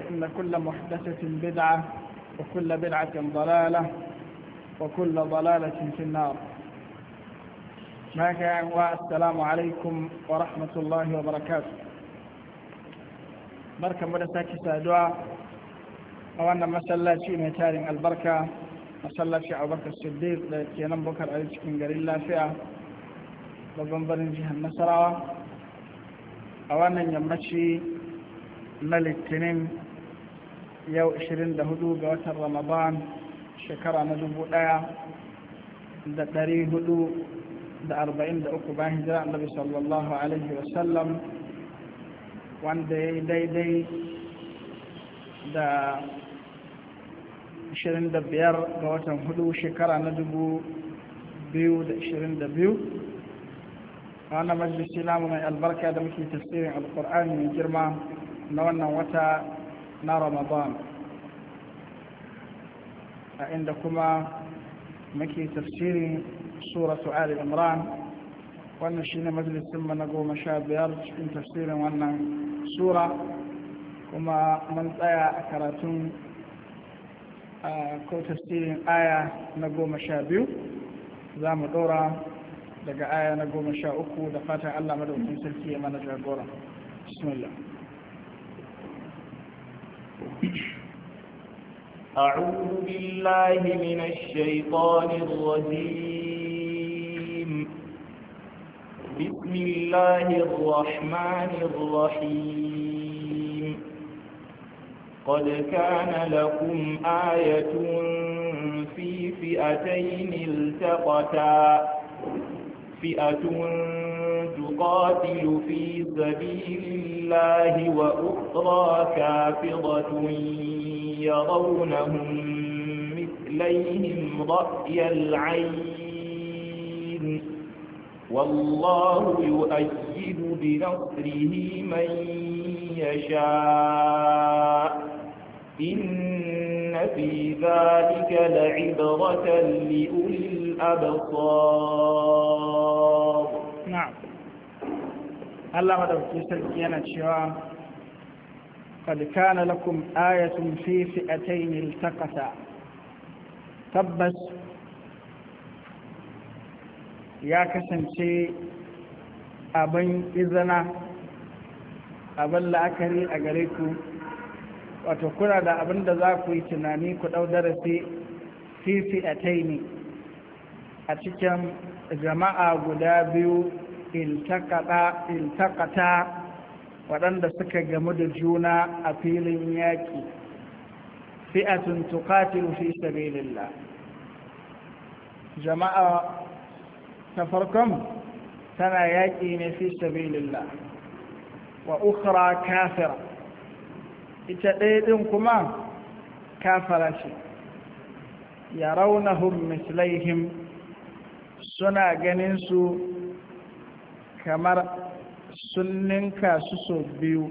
فإن كل محدثة بدعة وكل بدعة ضلالة وكل ضلالة في النار ماك والسلام عليكم ورحمة الله وبركاته بركة مدساكي سادوا وأنا مسلا شيء متارين البركة مسلا شيء أبو بكر الصديق لكينام بكر علي شكين قريل لا فيها babban barin jihar nasarawa a wannan yammaci ملك تنم يو إشرين دهدو بوتر رمضان شكرا مدبو آية دا تاري هدو دا أربعين دا أكو باهجراء النبي صلى الله عليه وسلم وان دي دي دي دا إشرين دا بيار بوتر هدو شكرا مدبو بيو دا إشرين دا بيو وانا مجلس سلام من البركة دا تفسير القرآن من جرمان na wannan wata na ramadan a inda kuma muke tafsirin suratu ali imran wannan shine mu na goma sha biyar cikin tafsirin wannan sura kuma mun tsaya a karatun ko tafsirin aya na goma sha biyu za mu ɗora daga aya na goma sha uku da fatan allah da sarki ya mana jagora bismillah أعوذ بالله من الشيطان الرجيم بسم الله الرحمن الرحيم قد كان لكم آية في فئتين التقتا فئة تقاتل في سبيل الله وأخرى كافرة يرونهم مثليهم رأي العين والله يؤيد بنصره من يشاء إن في ذلك لعبرة لأولي الأبصار نعم Allah madauki sarki yana cewa kad kana lakum ayatun fi fi'atayn iltaqata tabbas ya kasance abin izana abin la'akari a gare ku wato kuna da abin da za ku yi tunani ku ɗau darasi fi fi'atayn a cikin jama'a guda biyu iltakata waɗanda suka gamu da juna a filin yaƙi fi'atun tuqatilu fi sabilillah jama'a ta farkon tana yaƙi ne fi sabilillah wa ukhra kafira ita ɗaya ɗin kuma kafara ce yarawnahum mislaihim suna ganin su kamar sun ninka su sau biyu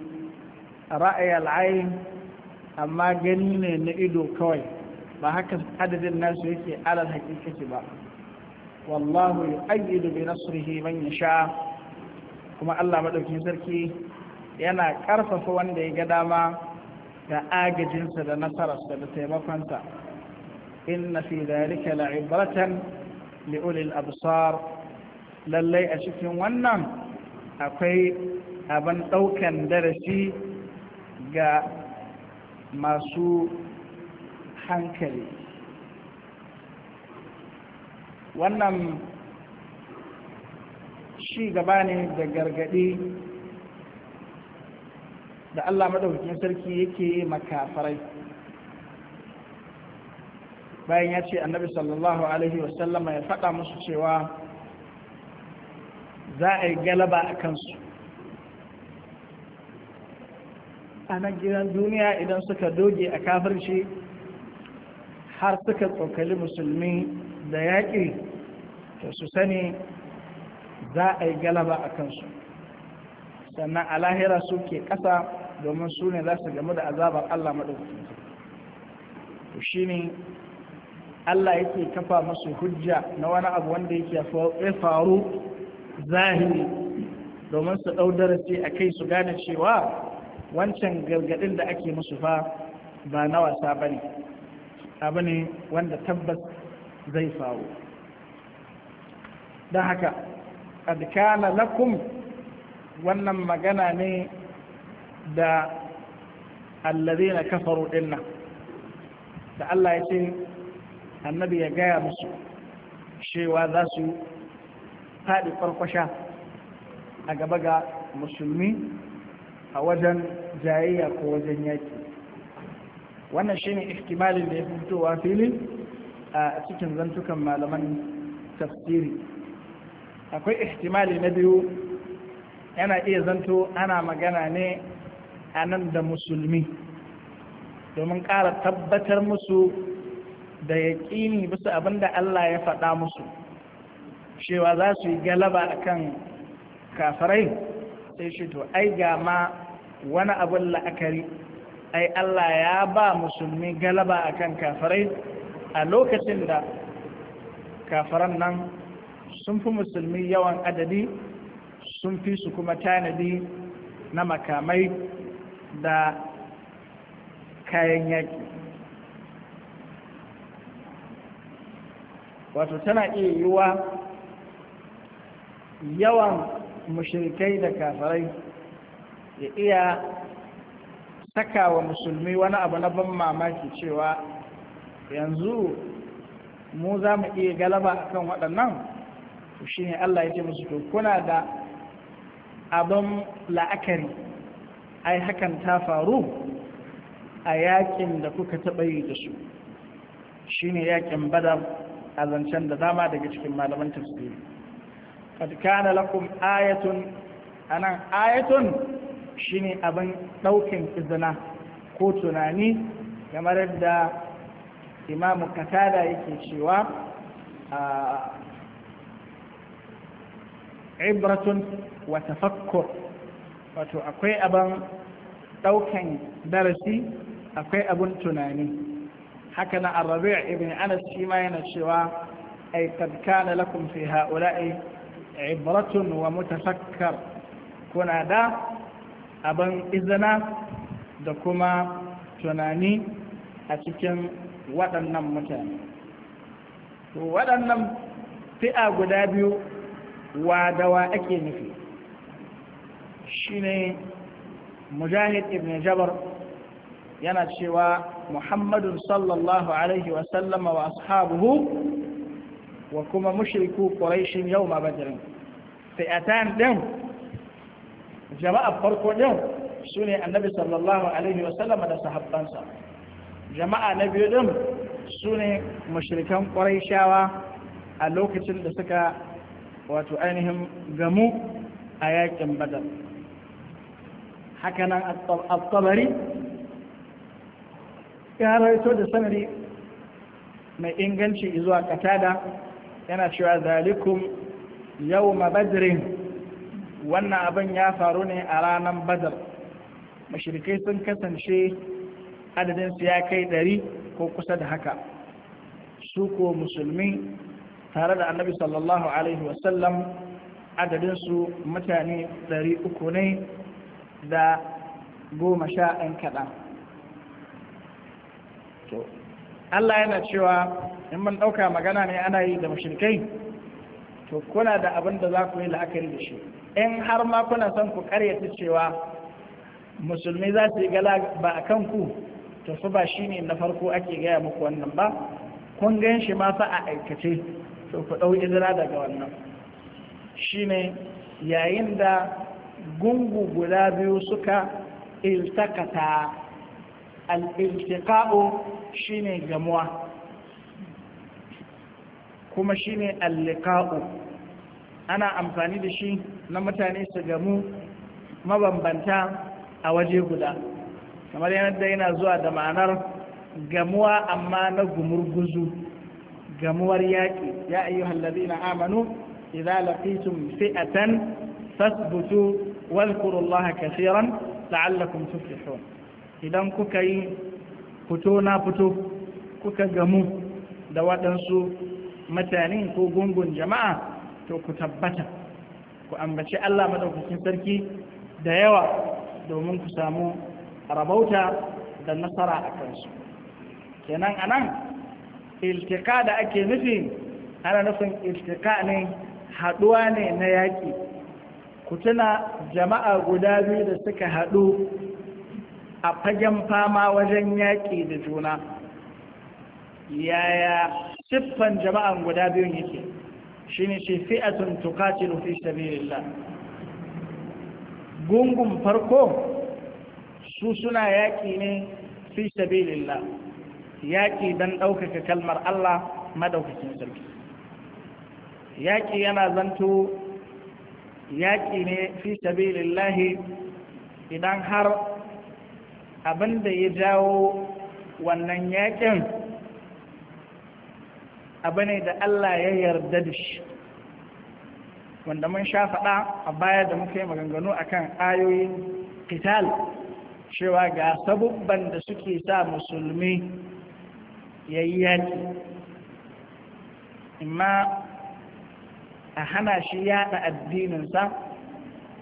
ra'ayi al'ayin amma gani ne na ido kawai ba haka adadin nasu yake alal hakikati ba wallahu yu'ayyidu bi nasrihi man sha kuma Allah madaukakin sarki yana karfafa wanda ya ga dama da agajinsa da nasararsa da taimakonsa inna fi dhalika la'ibratan li ulil absar lallai a cikin wannan akwai abin ɗaukan darasi ga masu hankali wannan shi gaba ne da gargaɗi da Allah maɗaukakin sarki yake makafarai bayan ya ce annabi sallallahu alaihi wasallama ya faɗa musu cewa za a yi galaba a kansu a nan gidan duniya idan suka doge a kafirci har suka tsokali musulmi da yaƙi to su sani za a yi galaba a kansu sannan a lahira su ke ƙasa domin su ne za su gamu da azabar Allah maɗaukakin shi ne Allah yake kafa masu hujja na wani abu wanda yake faru zahiri domin su ɗau darasi a kai su gane cewa wancan gargaɗin da ake musu fa ba na wasa ba ne abu ne wanda tabbas zai faru don haka adkana lakum wannan magana ne da na kafaru dinnan da Allah ya ce annabi ya gaya musu cewa za su faɗi farkwasha a gaba ga musulmi a wajen jayayya ko wajen yaki wannan shine ihtimalin da ya fitowa fili a cikin zantukan malaman tafsiri akwai ihtimali na biyu yana iya zanto ana magana ne a nan da musulmi domin ƙara tabbatar musu da yaƙini bisa abin da Allah ya faɗa musu cewa za su yi galaba a kan kafarai? sai shi to ai ga ma wani abin la'akari ai Allah ya ba musulmi galaba a kan kafirai a lokacin da kafiran nan sun fi musulmi yawan adadi sun fi su kuma tanadi na makamai da kayan yaki wato tana iya yiwuwa yawan mushrikai da kafirai ya iya saka wa musulmi wani abu na ban mamaki cewa yanzu mu za mu iya galaba a kan waɗannan to ne Allah ya ce musu to kuna da abin la'akari ai hakan ta faru a yakin da kuka taɓa yi da su shi ne yakin bada a zancen da dama daga cikin malaman tafsiri qad kana lakum ayatun anan ayatun shine abin daukin izina ko tunani kamar da imamu katada yake cewa ibratun wa tafakkur wato akwai abin daukan darasi akwai abin tunani haka na arrabi ibn anas shi ma yana cewa ay kad kana lakum fi ha'ula'i ibratun wa mutafakkar kuna da abin izina da kuma tunani a cikin waɗannan mutane to waɗannan fi'a guda biyu wa da wa ake nufi shine mujahid ibn jabar yana cewa Muhammadu sallallahu alaihi wasallama wa ashabuhu wa kuma mushriku quraishin Sai a fi'atan ɗin jama'a farko din sune annabi sallallahu alaihi wa da sahabbansa jama'a na biyu din sune mushrikan quraishawa a lokacin da suka wato ainihin gamu a yakin badar hakanan at-tabari ya rawaito da sanari mai inganci zuwa katada yana cewa zalikum yau badrin wannan abin ya faru ne a ranar badar mashirikai sun kasance adadin su ya kai ɗari ko kusa da haka su ko musulmi tare da annabi sallallahu alaihi wasallam adadin su mutane ɗari uku ne da goma sha ɗan kaɗan Allah yana cewa in mun ɗauka magana ne ana yi da mashirkai to kuna da abin da za ku yi la'akari da shi in har ma kuna son ku karyata cewa musulmi za su yi gala ba a kan ku to su ba shi ne na farko ake gaya muku wannan ba kun gan shi ma fa a aikace to ku ɗau izina daga wannan shi ne yayin da gungu guda biyu suka iltakata al-iltiqa'u shine gamuwa kuma shine alliqa'u ana amfani da shi na mutane su gamu mabambanta a waje guda kamar yadda yana zuwa da ma'anar gamuwa amma na gumurguzu gamuwar yaƙi ya ayyuhal ladina amanu idza laqitum fi'atan fasbutu wadhkurullaha kaseeran la'allakum tuflihun idan kuka yi fito na fito kuka gamu da waɗansu mutane ko gungun jama'a to ku tabbata ku ambaci Allah maɗaukakin sarki da yawa domin ku samu rabauta da nasara a kansu kenan anan iltika da ake nufi ana nufin iltika ne haɗuwa ne na yaƙi ku tuna jama'a guda biyu da suka haɗu a fagen fama wajen yaƙi da juna yaya siffan jama'an guda biyun yake shi ne ce fi'atun tukatilu fi sabilillah gungun farko su suna yaƙi ne fi sabilillah yaƙi don ɗaukaka kalmar Allah madaukakin sarki yaƙi yana zanto yaƙi ne fi sabilillahi idan har abin da ya jawo wannan yaƙin, abu ne da Allah ya yarda da shi wanda mun sha faɗa a baya da muka yi maganganu a kan ayoyin qital cewa ga sabubban da suke sa musulmi ya yi yaƙi amma a hana shi yaɗa addininsa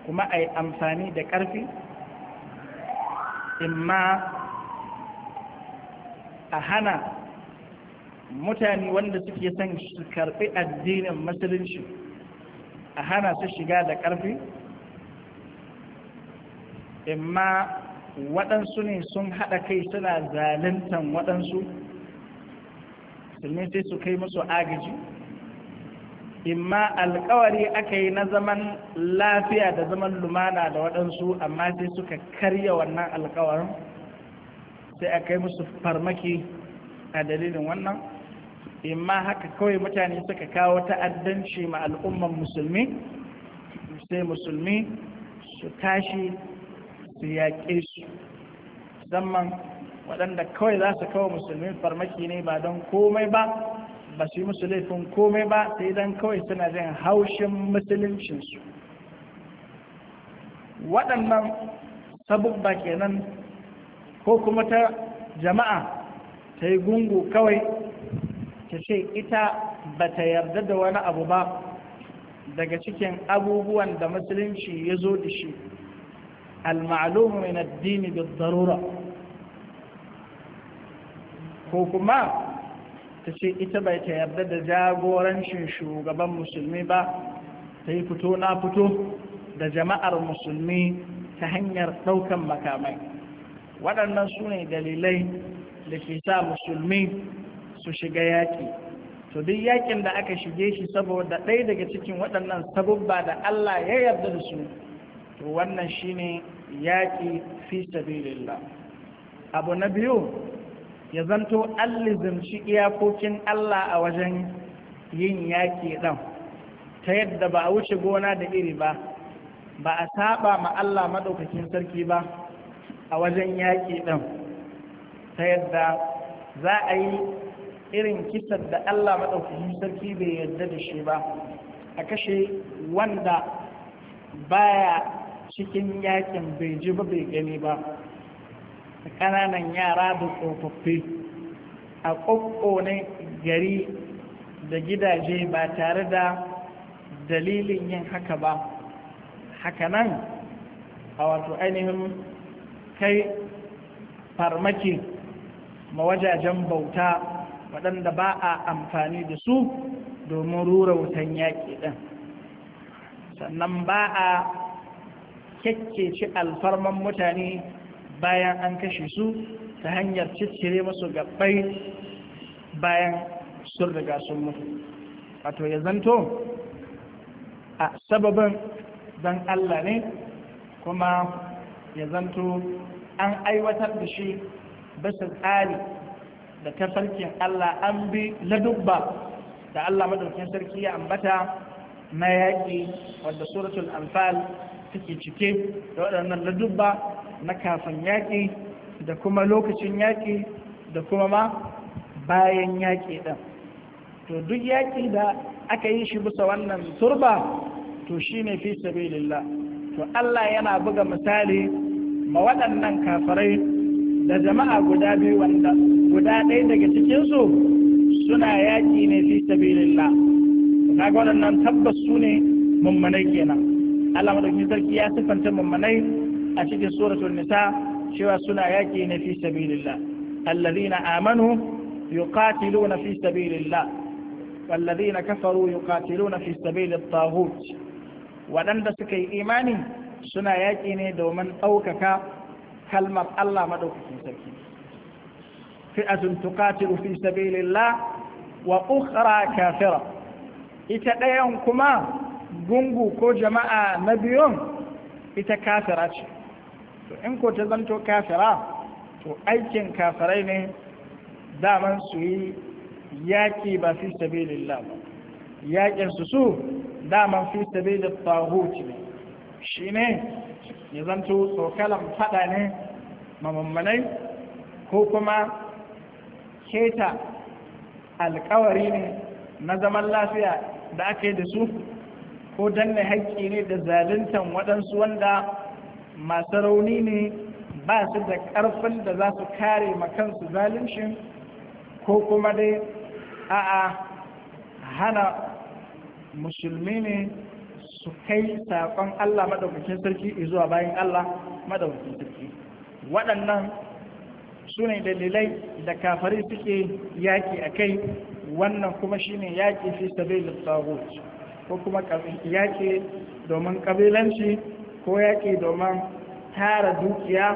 kuma a yi amfani da ƙarfi imma a hana mutane wanda suke son su karɓi addinin musulunci a hana su shiga da ƙarfi imma waɗansu ne sun haɗa kai suna zaluntan waɗansu sannan sai su kai musu agaji imma alkawari aka yi na zaman lafiya da zaman lumana da waɗansu amma sai suka karya wannan alkawarin sai aka yi musu farmaki a dalilin wannan imma haka kawai mutane suka kawo ta'addanci ma al'umman musulmi sai musulmi su tashi su yaƙe su musamman waɗanda kawai za su kawo musulmi farmaki ne ba don komai ba ba su yi musu laifin komai ba sai dan kawai suna jin haushin musuluncinsu waɗannan sabubba kenan ko kuma ta jama'a ta yi gungu kawai ta ce ita ba ta yarda da wani abu ba daga cikin abubuwan da musulunci ya zo da shi al addini da darura ko kuma ta ce ita bai ta yarda da jagorancin shugaban musulmi ba ta yi fito na fito da jama'ar musulmi ta hanyar ɗaukan makamai waɗannan su ne dalilai da ke sa musulmi su shiga yaƙi to duk yaƙin da aka shige shi saboda ɗaya daga cikin waɗannan sabubba da Allah ya yarda da su to wannan shine yaƙi fi sabilillah abu na biyu ya zanto allizimci iyakokin Allah a wajen yin yaƙi ɗan ta yadda ba a wuce gona da iri ba ba a saba ma Allah maɗaukakin sarki ba a wajen yaƙi ɗan ta yadda za a yi irin kisar da Allah maɗaukakin sarki bai yarda da shi ba a kashe wanda baya cikin yakin bai ji ba bai gani ba kananan ƙananan yara da tsofaffi a ƙoƙƙone gari da gidaje ba tare da dalilin yin haka ba hakanan a wato ainihin kai farmaki ma wajajen bauta waɗanda ba a amfani da su domin rura wutan yaƙi ɗin sannan ba a kyakkeci alfarman mutane bayan an kashe su ta hanyar ciccire masu gabbai bayan sun riga sun mutu wato ya zanto a sababin don Allah ne kuma ya zanto an aiwatar da shi bisa tsari da tafarkin Allah an bi ladubba da Allah madaukin sarki ya ambata na yaƙi wadda suratul anfal Suke cike da waɗannan ladubba na kafin yaƙi da kuma lokacin yaƙi da kuma ma bayan yaƙi ɗin to duk yaƙi da aka yi shi bisa wannan turba to shi ne fi sabilillah to Allah yana buga misali ma waɗannan kafarai da jama'a guda biyu wanda guda ɗaya daga cikinsu suna yaƙi ne fi sabilillah kaga waɗannan tabbas su ne mummanai kenan Allah madaukakin sarki ya siffanta mummunai a cikin suratul nisa cewa suna yaƙi ne fi sabilillah alladhina amanu yuqatiluna fi sabilillah والذين كفروا يقاتلون في سبيل الطاغوت waɗanda suka yi imani suna yaƙi ne domin ɗaukaka kalmar Allah maɗaukakin sarki fi'atun tuqatilu fi sabilillah wa ukhra kafira ita ɗayan kuma gungu ko jama'a na biyun ita kafira ce to in ko ta zanto kafira to aikin kafirai ne daman su yi yaƙi ba fi sabilillah ba yaƙin su su daman fi sabilin tahuti ne shi ne ya zanto tsokalan fada ne mamammanai ko kuma keta alkawari ne na zaman lafiya da aka yi da su ko danne haƙƙi ne da zaluntan waɗansu wanda masu rauni ne ba su da ƙarfin da za su kare makansu zaluncin ko kuma dai a'a hana musulmi ne su kai saƙon Allah maɗaukakin sarki zuwa bayan Allah maɗaukakin sarki waɗannan su ne dalilai da kafari suke yaƙi a kai wannan kuma shine yaƙi fi sabilin tsawon ko kuma yaƙi domin ƙabilanci ko yaƙi domin tara dukiya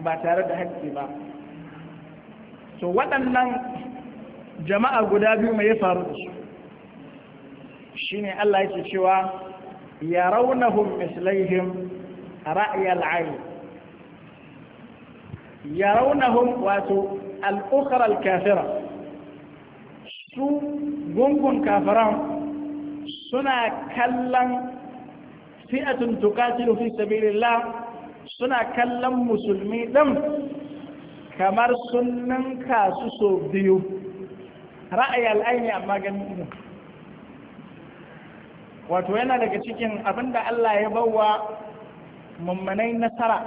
ba tare da haƙƙi ba so waɗannan jama'a guda biyu mai ya faru da su shi ne Allah ce cewa ya raunahun mislaihim ra'ayal ayi ya raunahun wato al'ukar al-kafira su gungun kafiran suna kallon fi'atun tukatilu fi sabilillah suna kallon musulmi ɗin kamar sunan kasu so biyu ra'ayi al'aini amma ganin wato yana daga cikin abinda Allah ya bawa mummanai nasara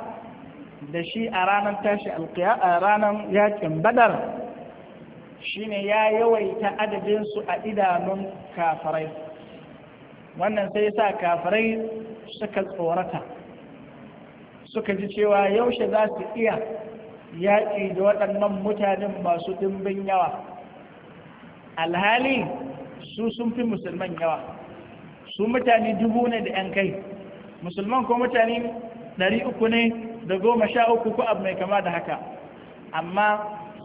da shi a ranar tashi alkiya a ranar yakin badar shine ya yawaita adadinsu a idanun kafarai wannan sai sa kafirai suka tsorata suka ji cewa yaushe za su iya yaƙi da waɗannan mutanen masu dimbin yawa alhali su sun fi musulman yawa su mutane dubu ne da ‘yan kai musulman ko mutane ɗari uku ne da goma sha uku ko abu mai kama da haka amma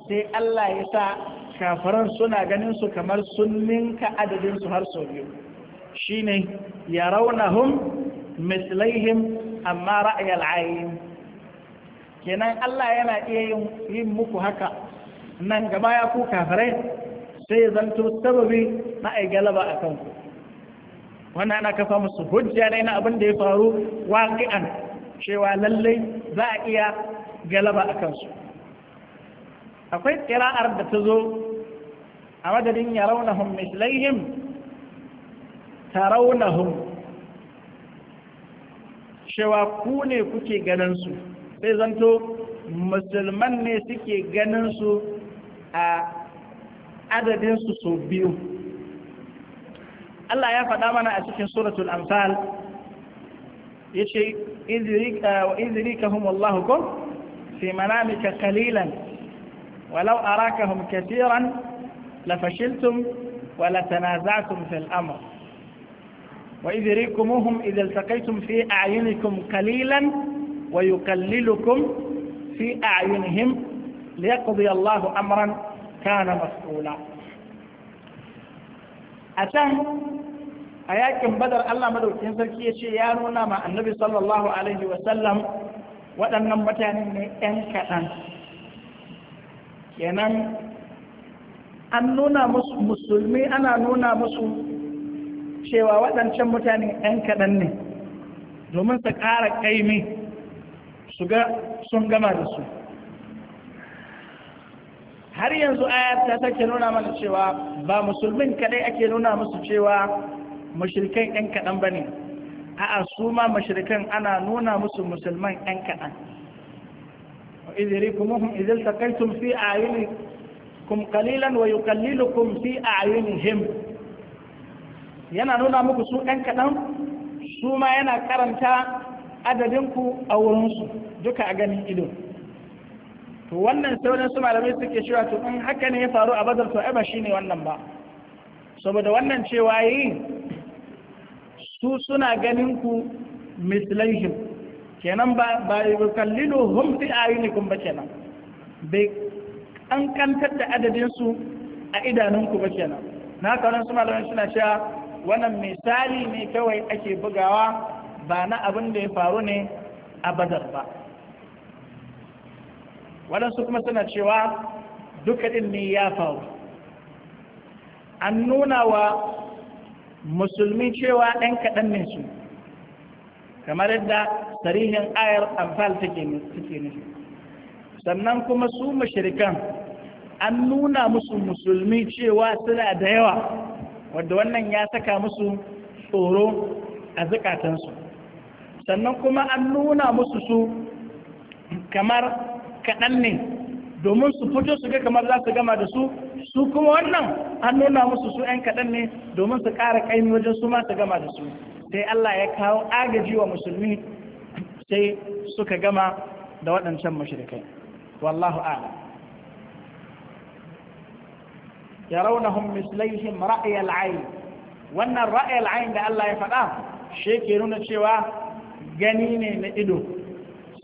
sai Allah ya sa kafiran suna ganin su kamar sun ninka adadinsu har sau biyu shine yarawnahum mislaihim amma ra'yal ayin kenan Allah yana iya yin muku haka nan gaba ya ku kafirai sai zanto sababi na ai galaba akan ku wannan ana kafa musu hujja ne na abin da ya faru waqi'an cewa lallai za a iya galaba a kansu akwai ƙira'ar da ta zo a madadin ya raunahun mislaihim tarawnahum cewa ku ne kuke ganinsu, sai zanto musulman ne suke ganin su a adadin su sau biyu Allah ya faɗa mana a cikin suratul amsal yace idrika wa idrikahum Allahu kum fi manamika qalilan walau arakahum katiran lafashiltum wala tanaza'tum fil amr وإذ يريكموهم إذا التقيتم في أعينكم قليلا ويقللكم في أعينهم ليقضي الله أمرا كان مسؤولا أتم أياكم بدر الله مدوكين سركية شيانونا مع النبي صلى الله عليه وسلم وأن متانين أنكأن kenan an nuna musu musulmi ana nuna musu cewa waɗancan mutane ‘yan kaɗan ne domin su ƙara ƙaimi su ga sun gama da su har yanzu ayat ta take nuna mana cewa ba musulmin kaɗai ake nuna musu cewa mashirikan ‘yan kaɗan ba ne a su ma mashirikan ana nuna musu musulman ‘yan kaɗan iziri kuma hun izil takaitun fi a yi kum kalilan wayo, yi kalilukum fi a yi him yana nuna muku su ɗan kaɗan su ma yana karanta adadinku a wurinsu duka a ganin ido to wannan sauran su malamai suke cewa to in haka ne ya faru a badar to ai ba shine wannan ba saboda wannan cewa yi su suna ganin ku mislaihim kenan ba ba kallilu hum fi ayunikum ba kenan bai kankantar da adadinsu su a idanunku ba kenan na haka su malamai suna cewa wannan misali ne kawai ake bugawa ba na abin da ya faru ne a badar ba waɗansu kuma suna cewa duka ɗin ne ya faru an nuna wa musulmi cewa ɗan kaɗan ne su kamar yadda tarihin ayar amfal take nufi sannan kuma su mashirikan an nuna musu musulmi cewa suna da yawa wadda wannan ya saka musu tsoro a zukatansu sannan kuma an nuna musu su kamar kaɗan ne domin su fito su ga kamar za su gama da su su kuma wannan an nuna musu su 'yan kaɗan ne domin su ƙara ƙaimi wajen su ma su gama da su sai Allah ya kawo agaji wa musulmi sai suka gama da waɗancan mashirikai wallahu a'lam yarawnahum mislaihim ra'yal ayn wannan ra'yal ayn da Allah ya faɗa shi ke nuna cewa gani ne na ido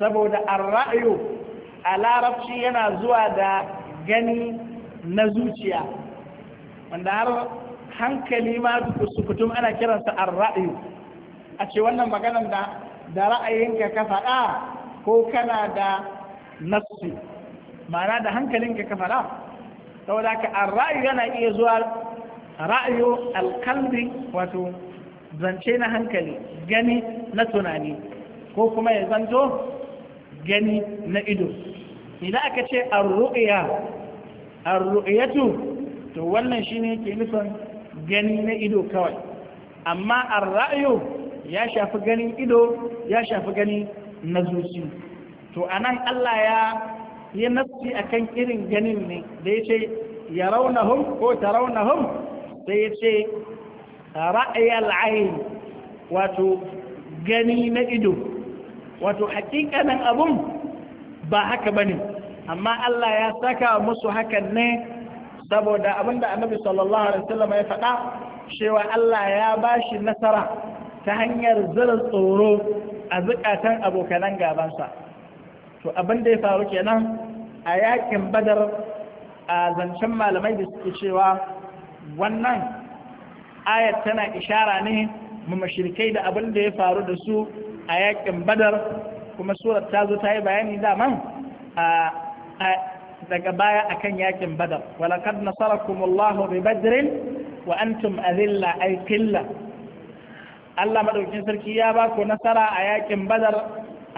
saboda ar-ra'yu a larabci yana zuwa da gani na zuciya wanda har hankali ma sukutum ana kiransa ar-ra'yu a ce wannan maganar da da ra'ayinka ka faɗa ko kana da nassi ma'ana da hankalinka ka faɗa saboda ka ra'ayi yana iya zuwa ra'ayo alkalbi wato zance na hankali gani na tunani ko kuma ya zanto gani na ido idan aka ce arru'iya arru'iyatu to wannan shine ke nufin gani na ido kawai amma arra'ayo ya shafi ganin ido ya shafi gani na zuci to anan Allah ya ya akan irin ganin ne da ya ce ya raunahum ko ta raunahum da ya ce ra'ayal ayin wato gani na ido wato hakikanin abun ba haka bane amma Allah ya saka musu hakan ne saboda abinda annabi sallallahu alaihi wasallam ya faɗa cewa Allah ya bashi nasara ta hanyar zira tsoro a zukatan abokanan gabansa to abin da ya faru kenan a yakin badar a zancen malamai da suke cewa wannan ayat tana ishara ne mu mashirikai da abin da ya faru da su a yakin badar kuma surat ta zo ta yi bayani daman a daga baya akan yakin badar walakad nasarakumullahu bi badrin wa antum azilla ay qilla Allah madaukin sarki ya ba ku nasara a yakin badar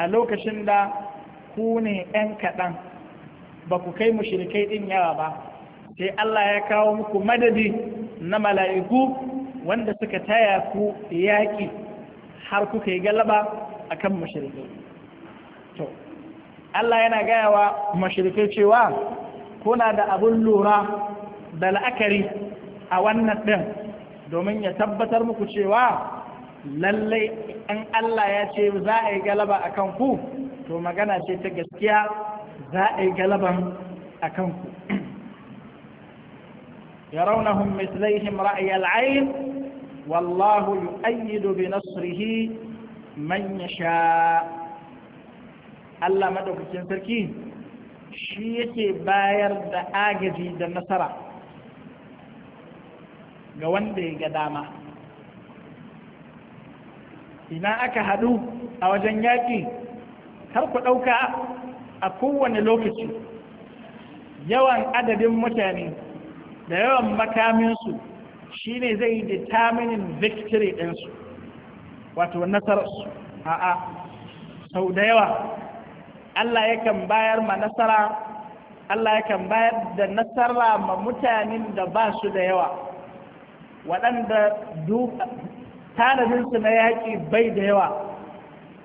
a lokacin da ku ne ɗan kaɗan ba ku kai mushrikai ɗin yawa ba sai Allah ya kawo muku madadi na mala'iku wanda suka taya ku yaƙi har kuka yi galaba a kan mushrikai to Allah yana gaya wa cewa kuna da abin lura da la'akari a wannan ɗin domin ya tabbatar muku cewa lallai an Allah ya ce za a yi galaba a kan ku to magana ce ta gaskiya za a yi galaban a kanku yarawnahum mislaihim ra'ayal ayn wallahu yu'ayyidu bi nasrihi man sha. Allah maɗaukacin sarki shi yake bayar da agaji da nasara ga wanda ya ga dama ina aka haɗu a wajen yaƙi kar ku ɗauka a kowane lokaci yawan adadin mutane da yawan makaminsu shine zai yi determinin victory ɗinsu wato nasararsu a'a sau da yawa Allah yakan bayar ma nasara Allah yakan bayar da nasara ma mutanen da ba su da yawa waɗanda tanadinsu na yaƙi bai da yawa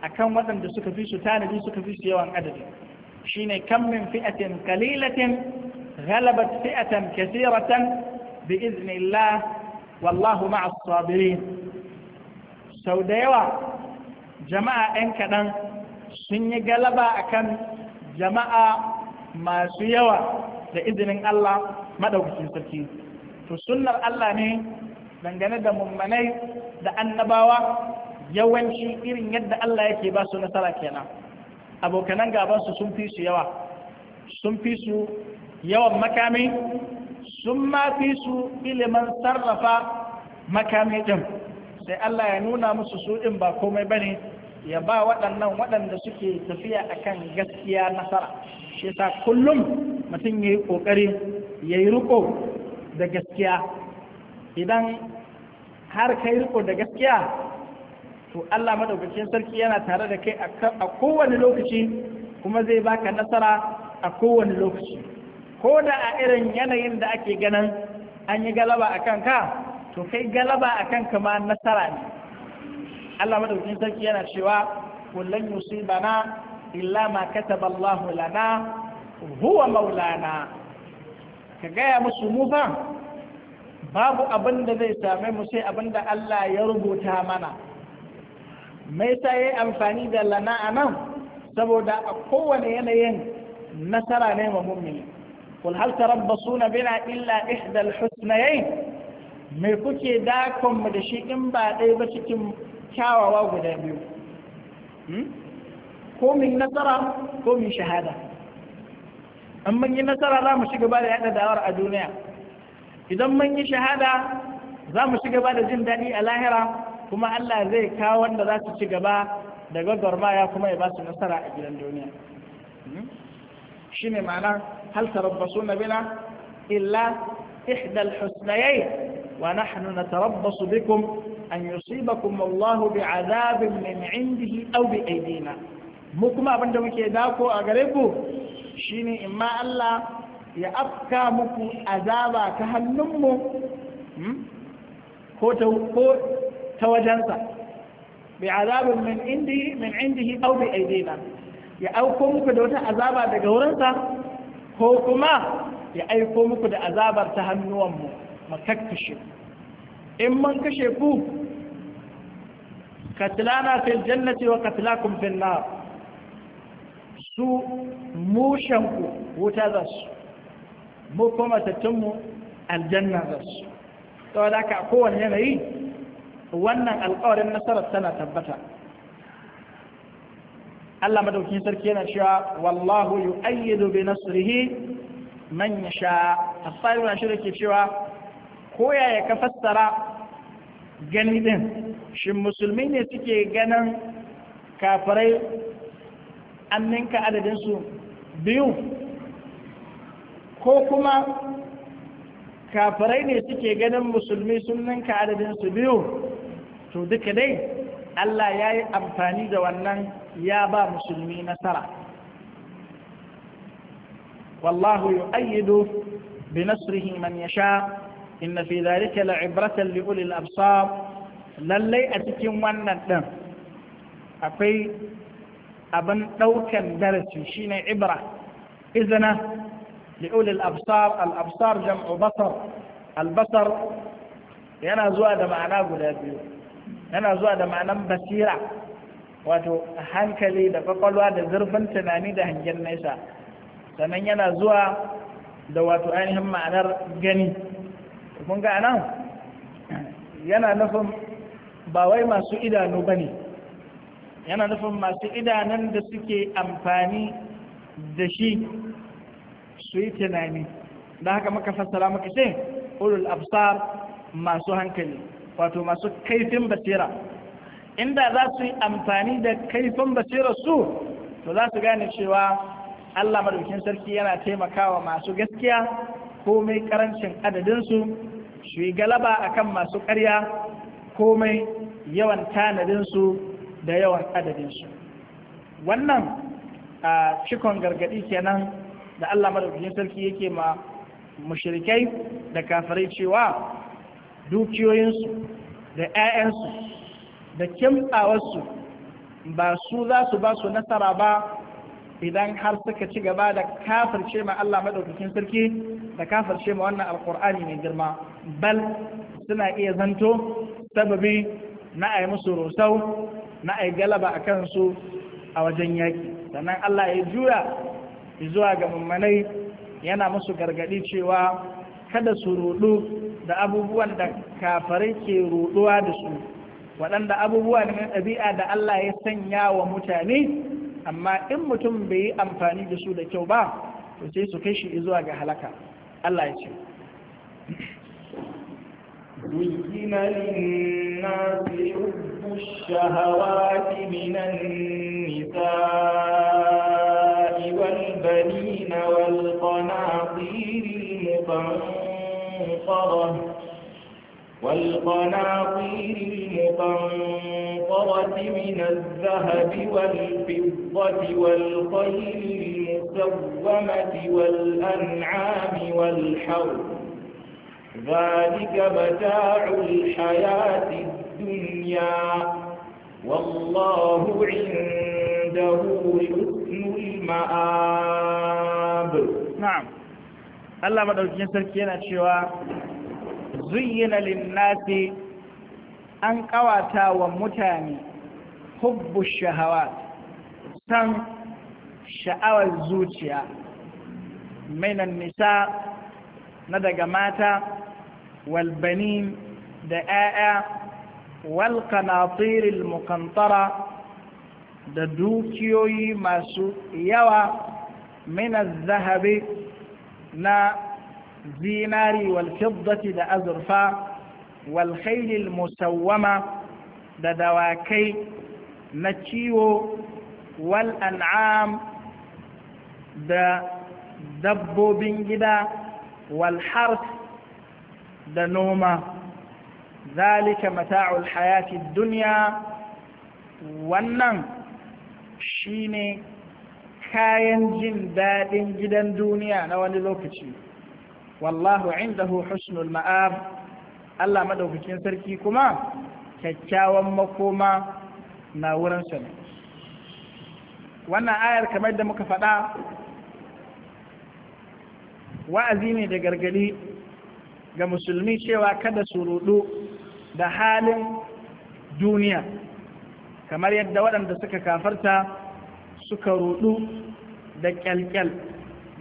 akan waɗanda suka fi su tanadi suka fi su yawan adadi shine kan min fi'atin qalilatin ghalabat fi'atan kathiratan bi iznillah wallahu ma'a sabirin sau da yawa jama'a 'yan kaɗan sun yi galaba akan jama'a masu yawa da izinin Allah madaukakin sarki to sunnar Allah ne dangane da mummanai da annabawa yawanci irin yadda Allah yake ba su nasara kenan abokanan su sun fi su yawa sun fi su yawan makami sun ma fi su ilimin sarrafa makami din sai Allah ya nuna musu su din ba komai bane ya ba waɗannan waɗanda suke tafiya akan gaskiya nasara shi kullum mutum yayi kokari yayi riko da gaskiya idan har kai riko da gaskiya to Allah madaukakin sarki yana tare da kai a kowane lokaci kuma zai baka nasara a kowane lokaci ko da a irin yanayin da ake ganin an yi galaba a kanka to kai galaba a kanka ma nasara ne Allah madaukakin sarki yana cewa kullun yusibana illa ma kataba Allah lana huwa maulana ka gaya musu mu fa? babu abin da zai same mu sai abin da Allah ya rubuta mana mai sa ya yi amfani da lana a nan saboda a kowane yanayin nasara ne ma mummuni kul hal tarabbasuna bina illa ihda alhusnayayn me kuke dakon mu da shi in ba ɗaya ba cikin kyawawa guda biyu hmm? ko min nasara ko min shahada an mun yi nasara za mu shiga ba da yada da'awar a duniya idan mun yi shahada za mu shiga ba da jin daɗi a lahira kuma Allah zai kawo wanda za su ci gaba da gwagwarmaya kuma ya ba su nasara a gidan duniya hmm? shine ma'ana halta rabbasu na bina illa ihdal husnayai wa nahnu natarabbasu bikum an yusibakum Allahu bi azabin min indihi aw bi aidina mu kuma abinda muke dako a gare ku shine in Allah ya afka muku azaba ta hannunmu hmm? ko ta ta wajensa bi azabin min indi min indihi aw bi aidina ya aiko muku da wata azaba daga wurinsa ko kuma ya aiko muku da azabar ta hannuwanmu mu kakkashe in man kashe ku katlana fil jannati wa katlakum fil nar su mushanku wuta za su mu kuma tattunmu aljanna za su saboda haka kowane yanayi wannan alƙawarin nasarar tana tabbata Allah madaukin sarki yana cewa wallahu yu'ayyidu bi nasrihi man yasha asayuna shi ke cewa ko yaya ka fassara gani din shin musulmi ne suke ganin kafirai an adadin su biyu ko kuma kafirai ne suke ganin musulmi sun ninka adadin su biyu to duka dai Allah ya yi amfani da wannan ya ba musulmi nasara wallahu yu'ayyidu bi nasrihi man yasha inna fi dhalika la'ibratan li ulil absar lallai a cikin wannan din akwai abin daukan darasi shine ibra izna li ulil absar al absar jam'u basar al basar yana zuwa da ma'ana guda biyu yana zuwa da ma'anar basira wato hankali da kwakwalwa da zurfin tunani da hangen nesa sannan yana zuwa da wato ainihin ma'anar gani kun ga nan yana nufin ba wai masu idanu ba ne yana nufin masu idanun da suke amfani da shi su yi tunani da haka muka fassara muka ce ulul absar masu hankali wato masu kaifin basira inda za su yi amfani da kaifin basirar su to za su gane cewa Allah madaukin sarki yana taimakawa masu gaskiya komai karancin adadinsu su yi galaba akan masu ƙarya komai yawan tanadinsu da yawan adadin adadinsu wannan a cikon gargaɗi kenan da Allah madaukin sarki yake ma mushirikai da kafirai cewa dukiyoyinsu da 'ya'yansu da kimtsawarsu ba su za su ba su nasara ba idan har suka ci gaba da kafirce ma Allah maɗaukakin sarki da kafirce ma wannan alkur'ani mai girma bal suna iya zanto sababi na yi musu rosau na yi galaba a kansu a wajen yaƙi sannan Allah ya juya zuwa ga mummanai yana musu gargaɗi cewa kada su rudu da abubuwan da kafarai ke ruduwa da su waɗanda abubuwa ne na ɗabi'a da Allah ya sanya wa mutane amma in mutum bai yi amfani da su da kyau ba to sai su kai shi zuwa ga halaka Allah ya ce زين للناس حب الشهوات من النساء والبنين والقناطير المقنطرة المنقرة والقناطير المقنطرة من الذهب والفضة والخيل المسومة والأنعام والحر ذلك متاع الحياة الدنيا والله عنده حسن المآب نعم Allah madaukakin sarki yana cewa zuyyina lin-nasi an ƙawata wa mutane hubbu shahawa, san sha'awar zuciya mainan nisa na daga mata walbani da 'ya'ya walkanatiril mukantara da dukiyoyi masu yawa minan zahabi na zinari wal fiddati da azurfa wal khayl musawwama da dawakai na ciwo wal an'am da dabbobin gida wal da noma zalika mata'ul الحياة duniya wannan shine kayan jin daɗin gidan duniya na wani lokaci wallahu indahu husnul ma'ab Allah madaukakin sarki kuma kyakkyawan makoma na wurin ne wannan ayar kamar da muka faɗa wa'azi ne da gargadi ga musulmi cewa kada su ruɗu da halin duniya kamar yadda waɗanda suka kafarta suka rudu da kyalkyal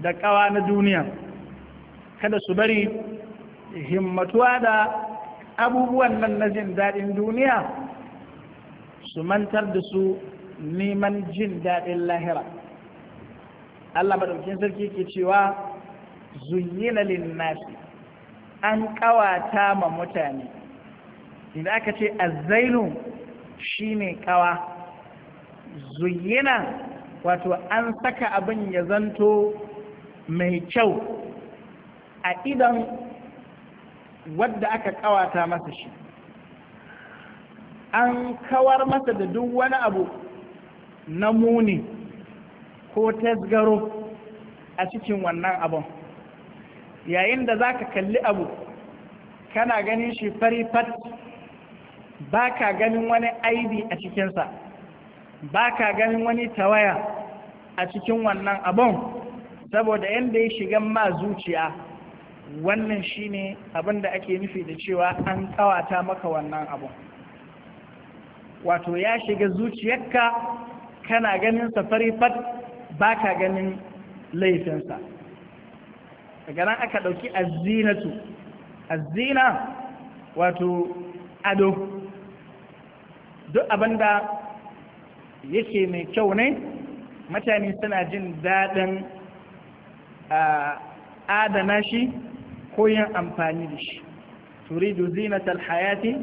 da kawa na duniya kada su bari himmatuwa da abubuwan nan na jin daɗin duniya su mantar da su neman jin daɗin lahira Allah maɗaukin sarki ke cewa zuyina linnasi an ƙawata ma mutane idan aka ce azzainu shine ƙawa zuyyina wato an saka abin ya zanto mai kyau a idan wadda aka kawata masa shi an kawar masa da duk wani abu na muni ko tasgaro a cikin wannan abun yayin da za ka kalli abu kana ganin shi fari fat ba ka ganin wani aibi a cikinsa ba ka ganin wani tawaya a cikin wannan abun saboda yadda ya shiga ma zuciya wannan shi ne abin da ake nufi da cewa an kawata maka wannan abun wato ya shiga zuciyarka kana ganin safari fat ba ka ganin laifinsa daga nan aka ɗauki azinatu azina wato ado duk abinda yake mai kyau ne mutane suna jin daɗin adana shi ko yin amfani da shi turidu zinatar hayati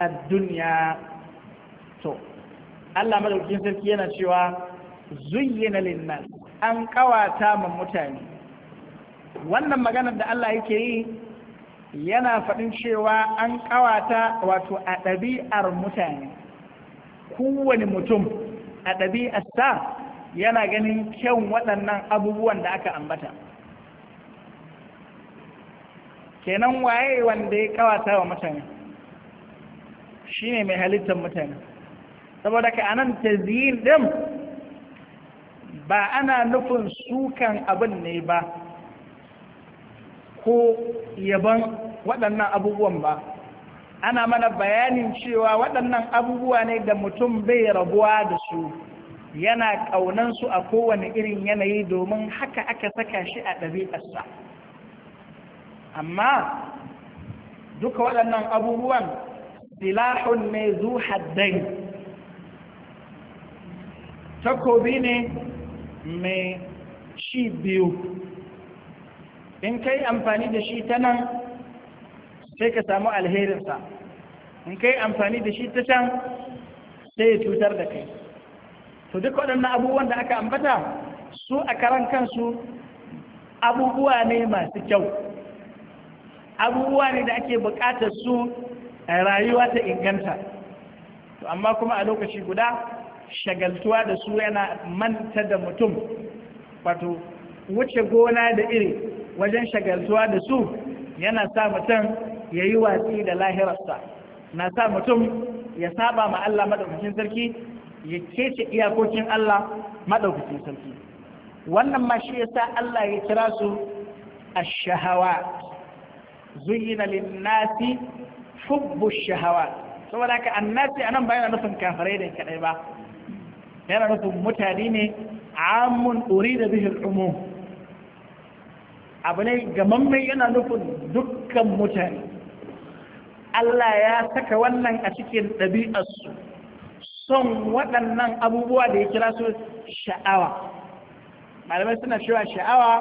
a duniya to Allah madaukakin sarki yana cewa zuyyina linnan an kawata ma mutane wannan maganar da Allah yake yi yana faɗin cewa an ƙawata wato a ɗabi'ar mutane kowane mutum a ɗabi'arsa yana ganin kyan waɗannan abubuwan da aka ambata kenan waye wanda ya kawata wa mutane shi ne mai halittar mutane saboda ka anan tazyin ɗin ba ana nufin sukan abin ne ba ko yaban waɗannan abubuwan ba ana mana bayanin cewa waɗannan abubuwa ne da mutum bai rabuwa da su yana ƙaunansu a kowane irin yanayi domin haka aka saka shi a ɗabi'arsa amma duka waɗannan abubuwan silahun ne zu haddai takobi ne mai shi biyu in kai amfani da shi ta nan sai ka samu alherinsa in kai amfani da shi ta can sai ya cutar da kai to duk waɗannan abubuwan da aka ambata su a karan kansu abubuwa ne masu kyau abubuwa ne da ake buƙatar su a rayuwa ta inganta to amma kuma a lokaci guda shagaltuwa da su yana manta da mutum wato wuce gona da iri wajen shagaltuwa da su yana sa mutum ya yi watsi da lahirarsa na sa mutum ya saba ma Allah maɗaukacin sarki ya kece iyakokin Allah maɗaukacin sarki wannan ma shi ya sa Allah ya kira su a shahawa zuyina linnati hubbu shahawat saboda haka annasi anan ba yana nufin kafirai da kadai ba yana nufin mutane ne amun uri da al umu abu ne gamamme yana nufin dukkan mutane Allah ya saka wannan a cikin ɗabi'arsu son waɗannan abubuwa da ya kira su sha'awa malamai suna cewa sha'awa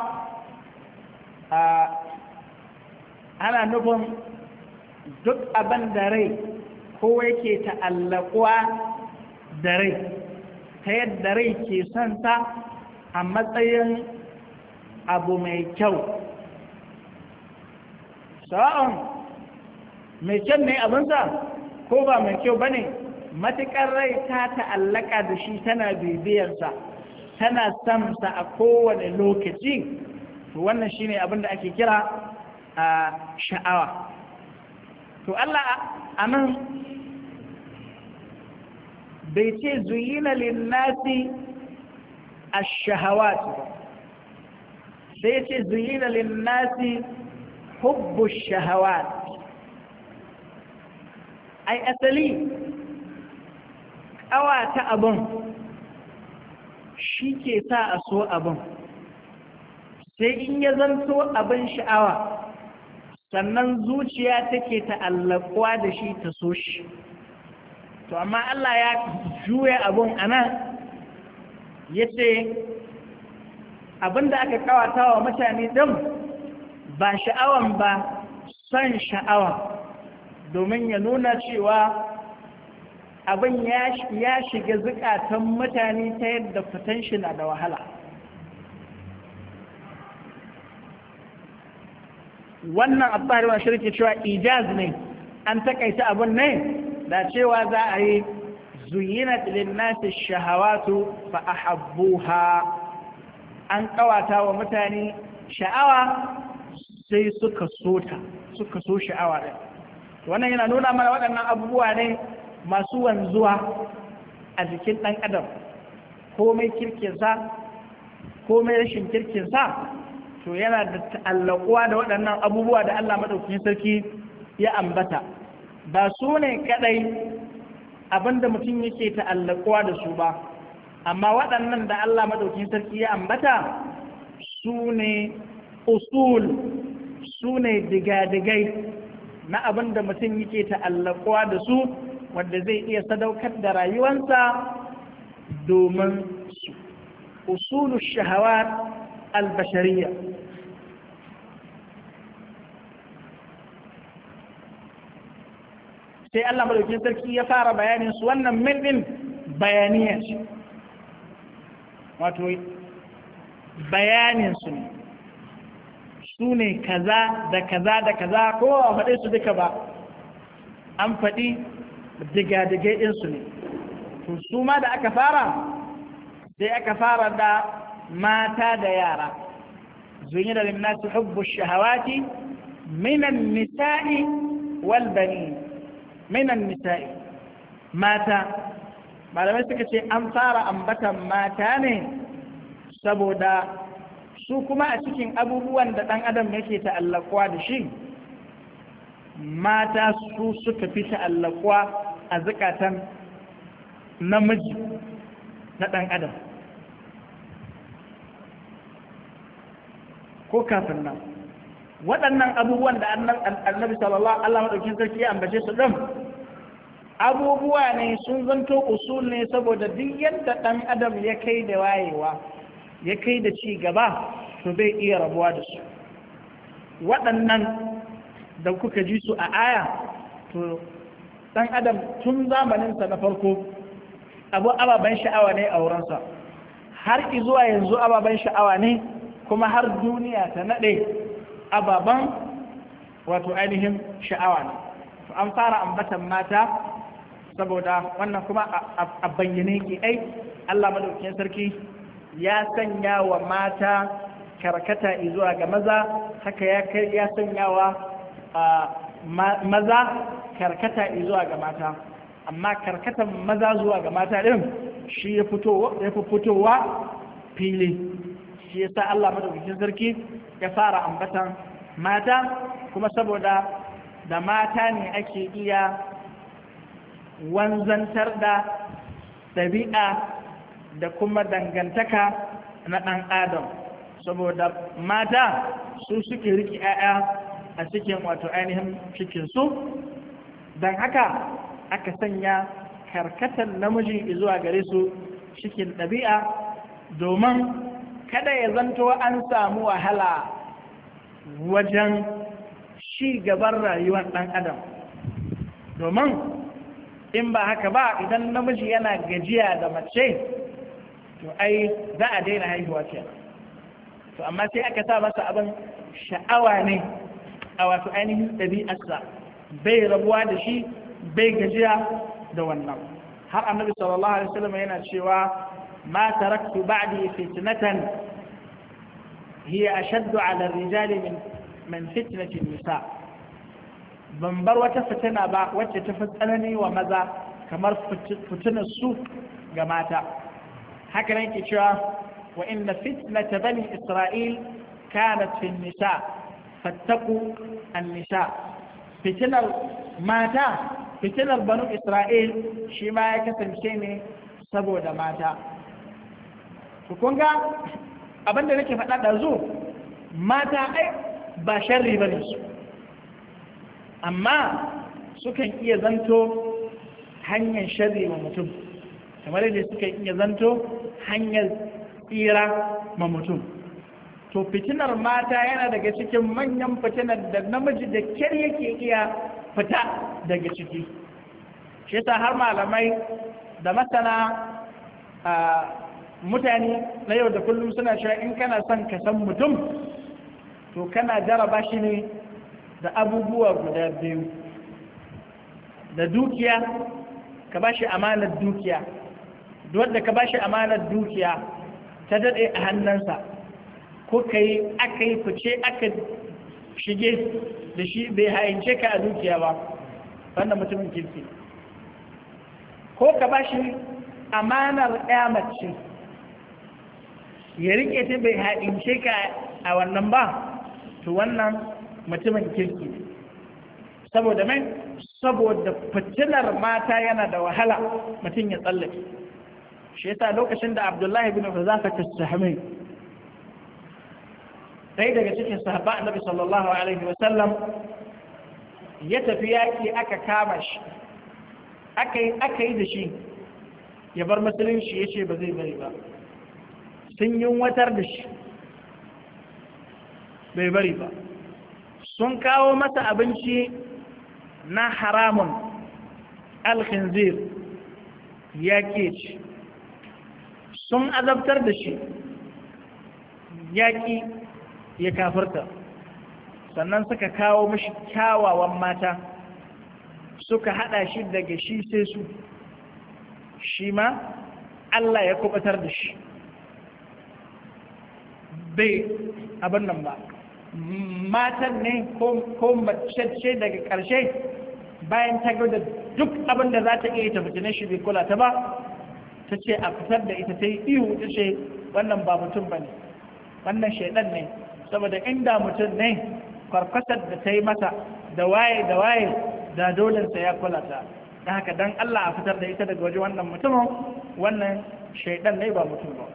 ana nufin duk abin da rai ko yake ta'allakuwa da rai ta yadda rai ke son ta a matsayin abu mai kyau sawa'un mai kyan ne abinsa ko ba mai kyau ba ne matuƙar rai ta ta'allaka da shi tana bibiyarsa tana samsa a kowane lokaci to wannan ne abin da ake kira a sha'awa to Allah a nan bai ce zuyina linnasi a sha’awa ba sai ce zuyina linnasi hubbu shahawat ai asali ƙawata abun shi ke sa a so abin sai in ya zanto abin sha'awa sannan zuciya take ta'allakuwa da shi ta so shi to amma Allah ya juya abin a nan ya ce abin da aka ƙawata wa mutane ɗin ba sha'awan ba son sha'awa domin ya nuna cewa abin ya shiga zukatan mutane ta yadda fitan shi na da wahala wannan abbarewa shirki cewa ijaz ne an takaita abin ne da cewa za a yi zuyinat nasi shahawatu fa ha. an ƙawata wa mutane sha'awa sai suka so ta suka so sha'awa ɗaya wannan yana nuna mana waɗannan abubuwa ne masu wanzuwa a jikin ɗan adam komai kirkinsa komai rashin kirkinsa to yana da ta'allakuwa da waɗannan abubuwa da Allah Maɗauki sarki ya ambata ba su ne kaɗai abinda mutum yake ta'allakuwa da su ba amma waɗannan da Allah Maɗauki sarki ya ambata su ne usul su ne diga-digai. na abin da mutum yake ta'allakuwa da su wanda zai iya sadaukar da rayuwansa domin su usulu shahawar albashariya sai Allah madaukin sarki ya fara bayanin su wannan min bayaniya ce wato bayanin su ne su ne kaza da kaza da kaza ko a faɗe su duka ba an faɗi digadigai ɗinsu ne to su ma da aka fara sai aka fara da mata da yara zunyi da limnati hubbu shahawati minan nisa'i wal bani minan nisa'i mata malamai suka ce an fara ambatan mata ne saboda su kuma a cikin abubuwan da ɗan adam yake ta'allakuwa da shi mata su suka fi ta'allakuwa a zukatan namiji na ɗan adam ko kafin nan waɗannan abubuwan da annabi sallallahu alaihi maɗaukin sarki ya ambace su ɗin abubuwa ne sun zanto usul ne saboda duk yadda ɗan adam ya kai da wayewa ya kai da ci gaba to bai iya rabuwa da su waɗannan da kuka ji su a aya to ɗan adam tun zamaninsa na farko abu ababen sha'awa ne a wurinsa har izuwa yanzu ababen sha'awa ne kuma har duniya ta naɗe ababen wato ainihin sha'awa ne an fara ambatan mata saboda wannan kuma a bayyane ke ai Allah madaukakin sarki ya sanya wa mata karkata izuwa ga maza haka ya sanya wa maza karkata izuwa ga mata amma karkatan maza zuwa ga mata ɗin shi ya fi fitowa fili shi ya sa Allah madaukakin sarki ya fara ambatan mata kuma saboda da mata ne ake iya wanzantar da ɗabi'a da kuma dangantaka na ɗan adam saboda mata su suke riƙe 'ya'ya a cikin wato ainihin cikinsu don haka aka sanya karkatar namiji zuwa gare su cikin ɗabi'a domin kada ya zanto an samu wahala wajen ci gaban rayuwar ɗan adam domin in ba haka ba idan namiji yana gajiya da mace to ai za a daina haihuwa ke to amma sai aka sa masa abin sha'awa ne a wato ainihin ɗabi'arsa bai rabuwa da shi bai gajiya da wannan har annabi sallallahu alaihi wasallam yana cewa ma taraktu ba'di fitnatan hiya ashaddu ala ar-rijali min min fitnati nisa ban bar wata fitina ba wacce ta fi tsanani wa maza kamar fitinar su ga mata haka nan ke cewa wa inna fitnata bani isra'il kanat fi nisa fattaku an nisa fitinar mata fitinar banu isra'il shi ma ya kasance ne saboda mata kun ga abinda nake faɗa ɗazu mata ai ba sharri ba ne su amma sukan iya zanto hanyar sharri wa mutum kamar yadda suka iya zanto hanyar tsira ma mutum to fitinar mata yana daga cikin manyan fitinar da namiji da kyar yake iya fita daga ciki shi ta har malamai da masana a mutane na yau da kullum suna cewa in kana son ka san mutum to kana jaraba shi ne da abubuwa guda biyu da dukiya ka ba shi amanar dukiya wadda ka bashi amanar dukiya ta daɗe a hannunsa ko ka yi aka yi fice aka shige da shi bai hayance ka a dukiya ba wannan mutumin kirki ko ka bashi amanar ɗamace ya riƙe ta bai hayance ka a wannan ba to wannan mutumin kirki saboda mai saboda fitinar mata yana da wahala mutum ya tsallake shi yasa lokacin da abdullahi bin huzafa tasahmi sai daga cikin sahaba annabi sallallahu alaihi wasallam ya tafi yaki aka kama shi aka yi da shi ya bar musulunci ya ce ba zai bari ba sun yi yunwatar da shi bai bari ba sun kawo masa abinci na haramun alkhinzir ya ke ci sun azabtar da shi yaƙi ya kafarta sannan suka kawo mashi kyawawan mata suka haɗa shi daga shi sai su shi ma Allah ya kubatar da shi bai abin nan ba matan ne ko mace daga ƙarshe bayan ta da duk abin da za ta iya ta fitine shi bai kula ta ba ta ce a fitar da ita ta yi ihu ta ce wannan ba mutum ba ne wannan shaidan ne saboda inda mutum ne farfasar da ta yi mata da waye da waye da dolensa ya kula ta da haka dan Allah a fitar da ita daga waje wannan mutumin wannan shaidan ne ba mutum ba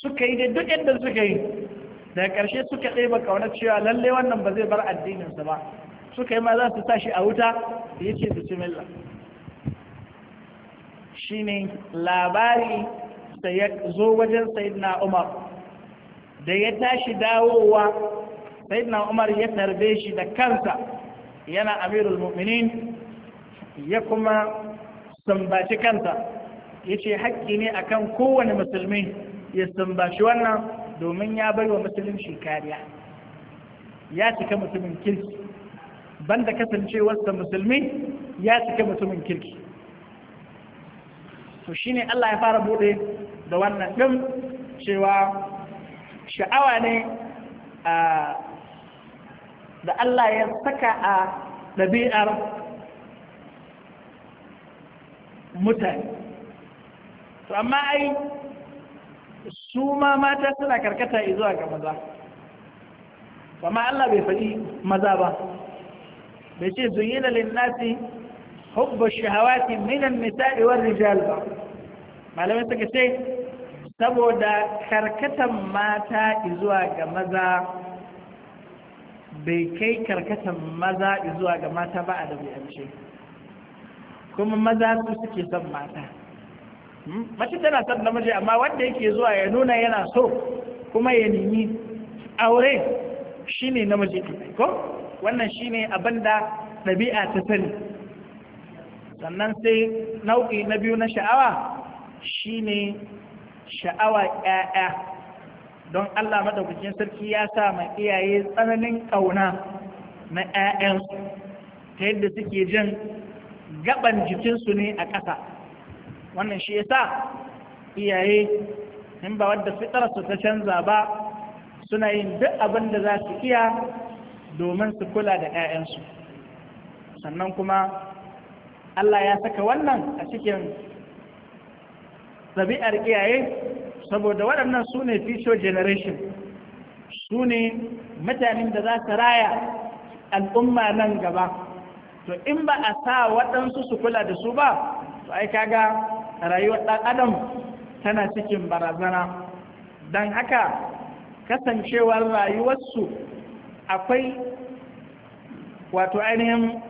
suka yi duk yadda suka yi daga karshe suka ba ƙaunar cewa lalle wannan ba zai bar addininsa ba suka yi ma za su tashi a wuta da ya ce bismillah shine labari da ya zo wajen sayyidina umar da ya tashi dawowa sayyidina umar ya tarbe shi da kansa yana amirul mu'minin ya kuma sambaci kansa ya ce haƙƙi ne akan kowane musulmi ya sambaci wannan domin ya bai wa musulunci kariya ya cika mutumin kirki banda kasancewarsa musulmi ya cika mutumin kirki to shi ne Allah ya fara bude da wannan ɗin cewa sha'awa ne da Allah ya saka a ɗabi'ar mutane to amma ai su ma mata suna karkata zuwa ga maza amma Allah bai faɗi maza ba bai ce da linnasi حب الشهوات من النساء والرجال malamai suka ce saboda karkatan mata zuwa ga maza bai kai karkatan maza zuwa ga mata ba a dabi'ance kuma maza suke son mata mace tana son namiji amma wanda yake zuwa ya nuna yana so kuma ya nemi aure shine namiji ko wannan shine abinda ɗabi'a ta sani sannan sai nau'i na biyu na sha'awa shine sha'awa ƴaƴa don Allah madaukakin sarki ya sa ma iyaye tsananin ƙauna na ƴaƴan ta yadda suke jin gaban jikinsu ne a ƙasa wannan shi yasa iyaye in ba wadda su ta canza ba suna yin duk abin da za su iya domin su kula da 'ya'yansu sannan kuma Allah ya saka wannan a cikin ɗabi'ar iyaye saboda waɗannan su ne future generation su ne mutanen da za su raya al'umma nan gaba to in ba a sa waɗansu su kula da su ba to ai kaga rayuwar ɗan adam tana cikin barazana don haka kasancewar rayuwarsu akwai wato ainihin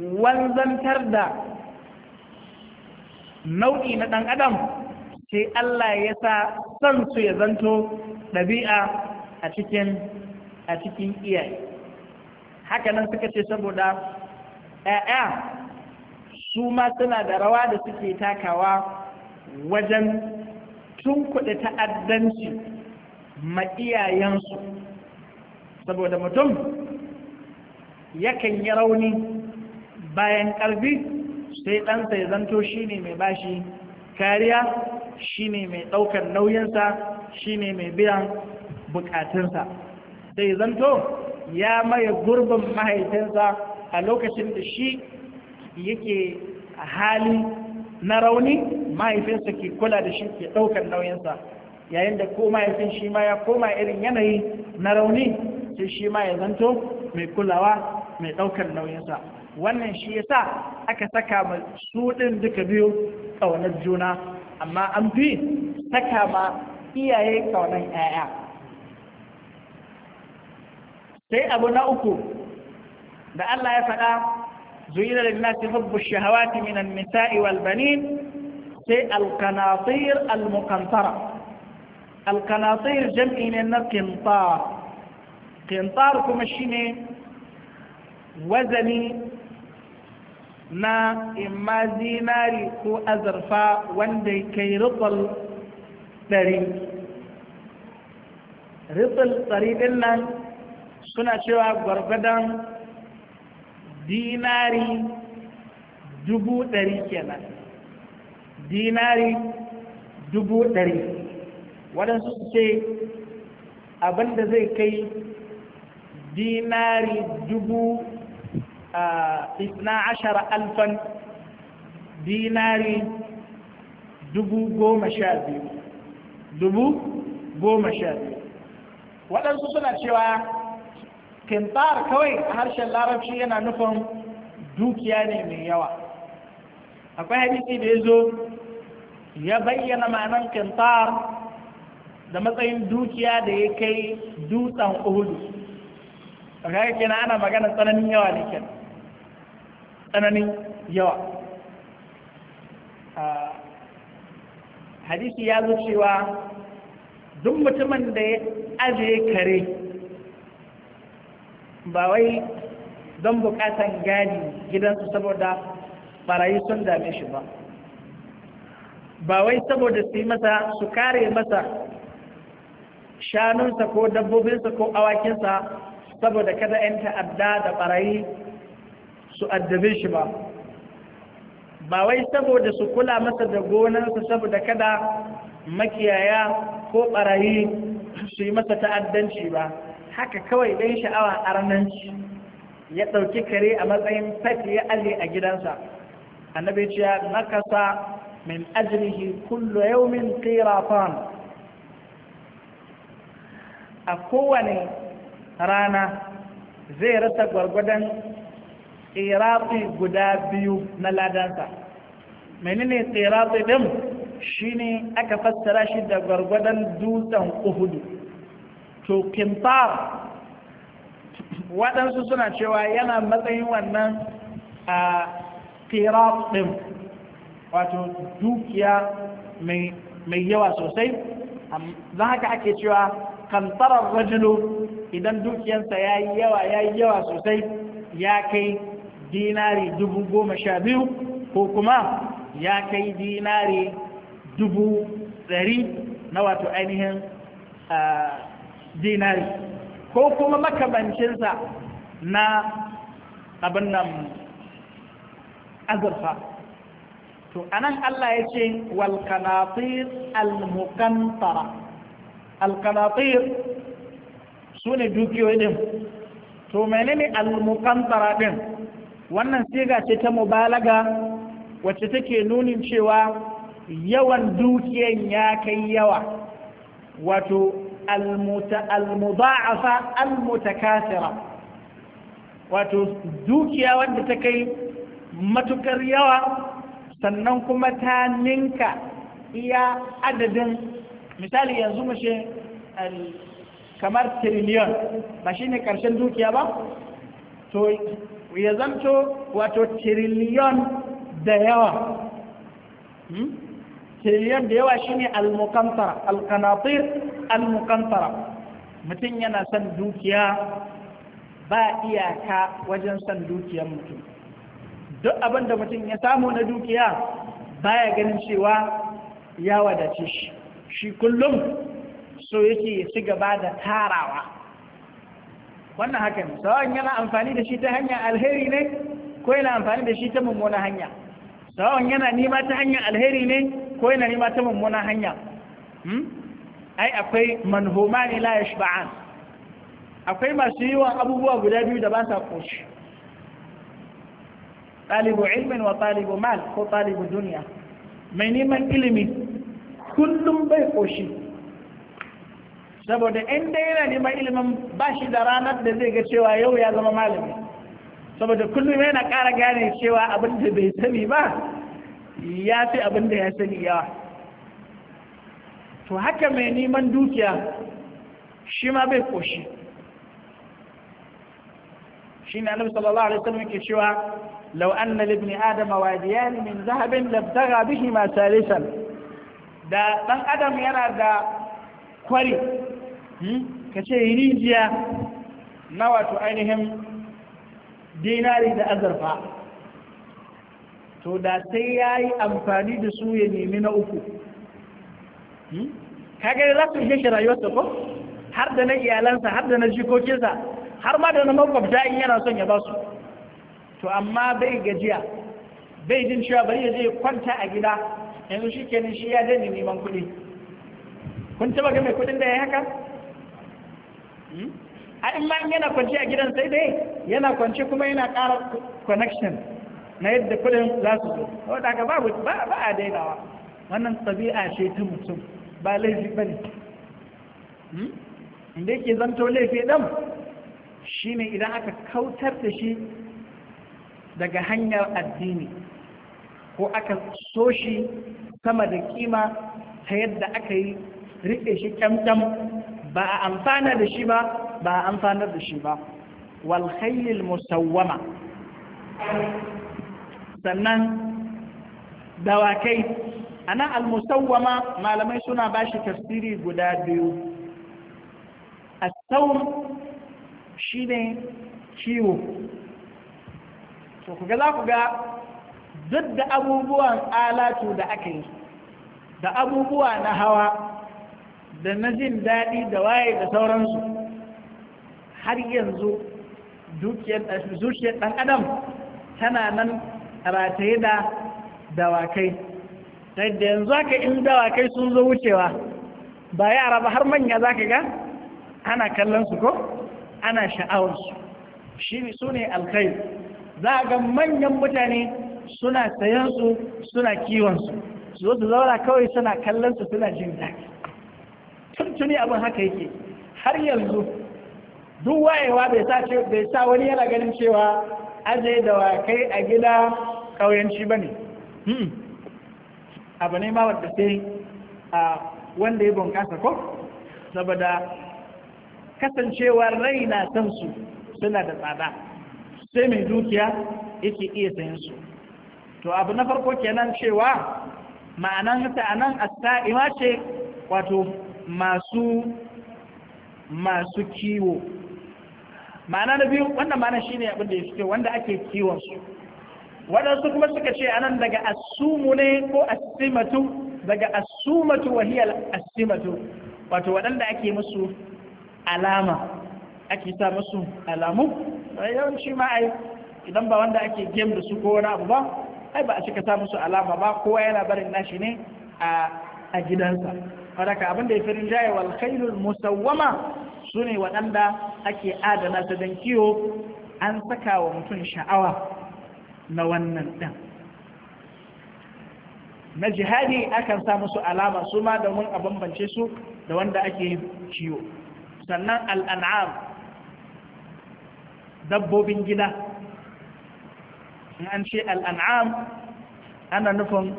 wanzantar da nau'i na ɗan adam sai Allah ya sa son su ya zanto ɗabi'a a cikin a cikin iyaye hakanan suka ce saboda ‘ya'ya su ma suna da rawa da suke takawa wajen tun kuɗi ta'addanci ma iyayensu saboda mutum yakan yi rauni bayan ƙarfi sai ɗansa ya zanto shi ne mai bashi kariya shi ne mai ɗaukar nauyinsa shi ne mai biyan bukatunsa sai zanto ya maye gurbin mahaifinsa a lokacin da shi yake hali na rauni mahaifinsa ke kula da shi ke ɗaukar nauyinsa yayin da ko mahaifin shi ma ya koma irin yanayi na rauni sai shi ma ya zanto mai kulawa mai ɗaukar nauyinsa wannan shi yasa aka saka ma su ɗin duka biyu ƙaunar juna amma an fi saka ma iyaye ƙaunar 'ya'ya sai abu na uku da Allah ya faɗa zuyina da nasi hubbu shahawati minan nisa'i wal banin sai al-qanatir al-muqantara al-qanatir jam'i ne na qintar qintar kuma shine wazani na imma zinari ko azurfa wanda kai rufal ɗari rufal ɗari ɗin nan suna cewa gwargwadon dinari dubu ɗari kenan dinari dubu ɗari waɗansu su ce abinda zai kai dinari dubu isna alfan dinari dubu goma sha biyu dubu goma sha biyu waɗansu suna cewa kintar kawai a harshen larabci yana nufin dukiya ne mai yawa akwai hadisi da ya zo ya bayyana ma'anar kintar da matsayin dukiya da ya kai dutsen uhudu a kaga ana magana tsananin yawa ne kenan tsananin yawa hadisi ya zo cewa duk mutumin da ya ajiye kare ba wai don bukatan gadi gidansu saboda barayi sun dame shi ba ba wai saboda su yi masa su kare masa shanunsa ko dabbobinsa ko awakinsa saboda kada 'yan ta'adda da barayi su addabe shi ba ba wai saboda su kula masa da gonarsa saboda kada makiyaya ko barayi su yi masa ta'addanci ba haka kawai ɗan sha'awa a arnanci ya ɗauki kare a matsayin fati ya aje a gidansa annabi ce ya nakasa min ajrihi kullu yawmin qiratan a kowane rana zai rasa gwargwadon tsirafi guda biyu na ladansa menene tsirafi ɗin shine aka fassara shi da gwargwadon dutsen uhudu to kintar waɗansu suna cewa yana matsayin wannan a tsirafi ɗin wato dukiya mai yawa sosai don haka ake cewa kantarar rajulu idan dukiyansa ya yawa ya yi yawa sosai ya kai dinari dubu goma sha biyu ko kuma ya kai dinari dubu ɗari na wato ainihin dinari ko kuma makamancinsa na abin nan azurfa to anan Allah ya ce walkanatir almukantara alkanatir su ne dukiyoyi din to menene almukantara din wannan siga ce ta mubalaga wacce take nunin cewa yawan dukiyan ya kai yawa wato almuda'afa almutakasira wato dukiya wanda ta kai matukar yawa sannan kuma ta ninka iya adadin misali yanzu mace kamar tiriliyon ba ne karshen dukiya ba to ya zamto wato tiriliyon da yawa hmm? tiriliyon da yawa shine al-muqantara al-qanatir al-muqantara mutum yana son dukiya ba iyaka wajen son dukiyar mutum duk abin da mutum ya samu na dukiya baya ganin cewa ya wadace shi shi kullum so yake ya ci gaba da tarawa wannan haka ne sawan yana amfani da shi ta hanya alheri ne ko yana amfani da shi ta mummuna hanya sawan yana nima ta hanya alheri ne ko yana nima ta mummuna hanya hmm? ai akwai manhoma ne la yashba'an akwai masu yi wa abubuwa guda biyu da ba sa koshi ɗalibu ilmin wa ɗalibu mal ko ɗalibu duniya mai neman ilimi kullum bai koshi saboda in dai yana neman ilimin ba shi da ranar da zai ga cewa yau ya zama malami saboda kullum yana ƙara gane cewa abin da bai sani ba ya fi abin da ya sani yawa to haka mai neman dukiya shi ma bai koshi shi ne annabi sallallahu alaihi wasallam yake cewa law anna li ibni adama wadiyan min zahabin labtagha bihi ma salisan da dan adam yana da kwari Hmm? ka ce rijiya na wato ainihin dinari da azurfa to da sai ya yi amfani da su ya nemi na uku hmm? kaga za su shi rayuwarsa ko har da na iyalansa har da na jikokinsa har ma da na makwabta in yana son ya ba su to amma bai gajiya bai jin cewa bari ya je kwanta a gida yanzu shi kenan shi ya dani neman kuɗi kun taba ga mai kuɗin da ya haka Hmm? a in ma yana kwanci a gidan sai dai yana kwanci kuma yana ƙara connection na yadda kudin za su zo wadda ka babu ba a dainawa wannan tabi'a ce ta mutum ba laifi ba ne hmm? inda yake zanto laifi ɗan shi ne idan aka kautar da shi daga hanyar addini ko aka so shi sama da kima ta yadda aka yi riƙe shi kyamkyam ba a amfana da shi ba ba a amfanar da shi ba wal musawwama sannan dawakai ana al musawwama malamai suna bashi tafsiri guda biyu as-sawm shine kiwo to kuga za ku ga duk da abubuwan alatu da aka yi da abubuwa na hawa da na jin daɗi da waye da sauransu har yanzu zuciyar ɗan adam tana nan rataye da dawakai da yanzu haka in dawakai sun zo wucewa ba yara ba har manya za ka ga ana kallon ko ana sha'awarsu shi su ne alkai za a ga manyan mutane suna sayansu suna kiwonsu su zo su zaura kawai suna kallon su suna jin daɗi tuntuni abin haka yake har yanzu duk wayewa bai sa wani yana ganin cewa aje da wakai a gida kauyanci bane ne hmm. abu ne ma wadda sai a wanda ya bunkasa ko saboda kasancewar rai na san su suna da tsada sai mai dukiya yake iya sayan su to abu na farko kenan cewa ma'anan ta anan as-sa'ima ce wato masu masu kiwo ma'ana na biyu wannan ma'ana shine abin da ya fito wanda ake kiwon su waɗansu kuma suka ce anan daga asumu ne ko asimatu daga asumatu wahiyar asimatu wato waɗanda ake musu alama ake sa musu alamu yawanci ma ai idan ba wanda ake game da su ko wani abu ba ai ba a cika sa musu alama ba kowa yana barin nashi ne a gidansa faraka abinda ya firin jaya wal khailul musawwama sune waɗanda ake adana ta don kiwo an saka wa mutum sha'awa na wannan ɗan na jihadi akan sa musu alama su ma domin a bambance su da wanda ake ciwo sannan al'an'am dabbobin gida in an ce al'an'am ana nufin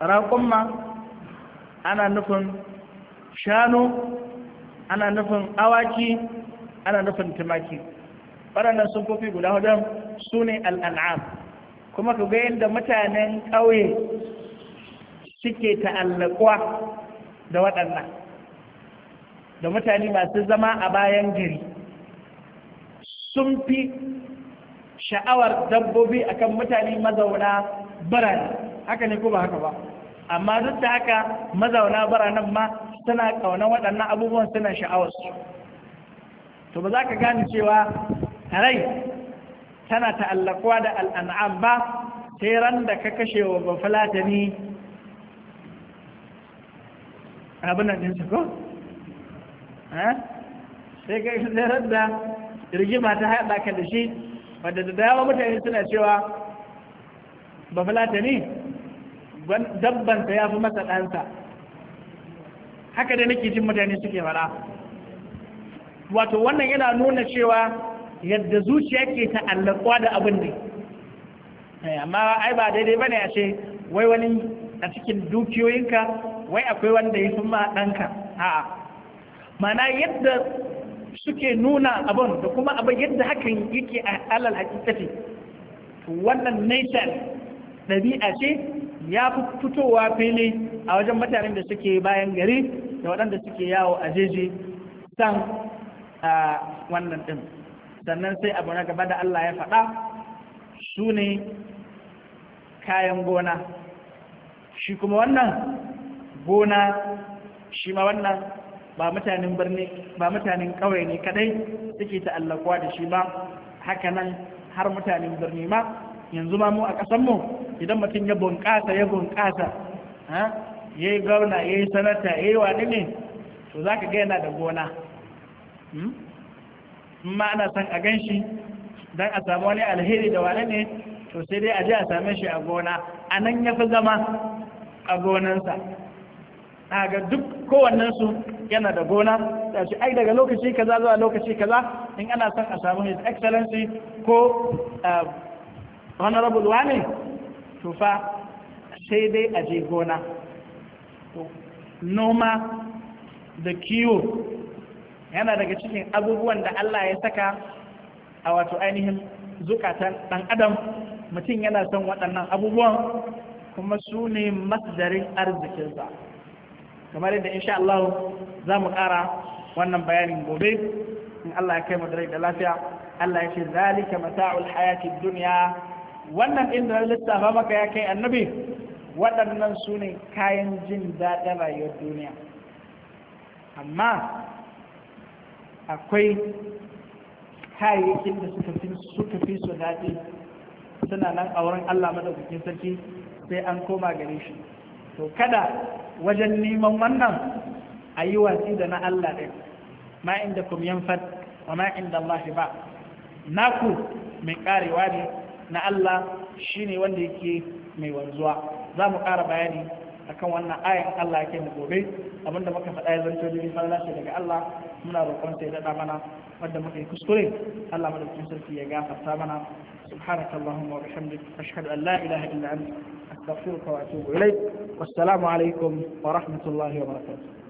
raƙumma ana nufin shanu ana nufin awaki ana nufin tumaki waɗannan kofi guda hudun su ne al'an'am kuma ka ga yadda mutanen ƙauye suke ta'allakuwa da waɗannan da mutane masu zama a bayan gari sun fi sha'awar dabbobi akan mutane mazauna birane haka ne ko ba haka ba amma duk da haka mazauna biranen ma suna ƙaunar waɗannan abubuwan suna sha'awarsu to ba za ka gane cewa rai tana ta'allakuwa da al'an'am ba sai ran da ka kashe wa ne abinan ɗin su ko? Eh? sai ka kashe ran da rigima ta haɗa ka da shi wadda da dama mutane suna cewa ne dabbansa ya fi masa ɗansa haka da nake jin mutane suke fara wato wannan yana nuna cewa yadda zuciya ke ta'allakwa da abin ne eh, amma ai ba daidai bane a ce wai wani a cikin dukiyoyinka wai akwai wanda ya fi ma ɗanka a'a mana yadda suke nuna abin da kuma abin yadda hakan yake a alal hakikati wannan nation ɗabi'a ce ya fi fitowa fili a wajen mutanen da suke bayan gari da waɗanda suke yawo a jeji san wannan ɗin sannan sai abu na gaba da Allah ya faɗa su ne kayan gona shi kuma wannan gona shi ma wannan ba mutanen birni ba mutanen ƙauye ne kadai suke ta'allakuwa da shi ba hakanan har mutanen birni ma yanzu ma mu a ƙasanmu idan mutum ya bunƙasa ya bunƙasa ya yi gauna ya yi sanata ya yi waɗi ne to za ka gaina da gona hmm? ma ana son a gan shi don a samu wani alheri da waɗi ne to sai dai a ji a same shi a gona a nan ya fi zama a gonansa a ga duk kowannensu yana da gona da shi ai daga lokaci kaza zuwa lokaci kaza in ana son a samu his excellency ko eh, honorable ne? Tufa sai dai a je gona noma da kiwo yana daga cikin abubuwan da Allah ya saka a wato ainihin zukatan ɗan adam mutum yana son waɗannan abubuwan kuma su ne masdarin arzikinsa kamar yadda insha Allah za mu ƙara wannan bayanin gobe in Allah ya kai mu da lafiya Allah ya ce zalika mata'ul hayati dunya wannan inda na lissafa maka ya kai annabi waɗannan su ne kayan jin daɗin rayuwar duniya amma akwai kayayyakin da suka fi su daɗi suna nan a wurin Allah madaukakin sarki sai an koma gare shi to kada wajen neman wannan a yi watsi da na Allah ɗin ma inda kum yanfad wa ma inda Allah ba naku mai karewa ne na Allah shine wanda yake mai wanzuwa za mu ƙara bayani akan wannan ayan Allah yake mu gobe abinda muka faɗa ya zanto jirgin falala ce daga Allah muna roƙon sai daɗa mana wanda muka yi kuskure Allah madaukakin sarki ya gafarta mana subhanaka allahumma wa bihamdika ashhadu an la ilaha illa anta astaghfiruka wa atubu ilaik wassalamu alaikum wa rahmatullahi wa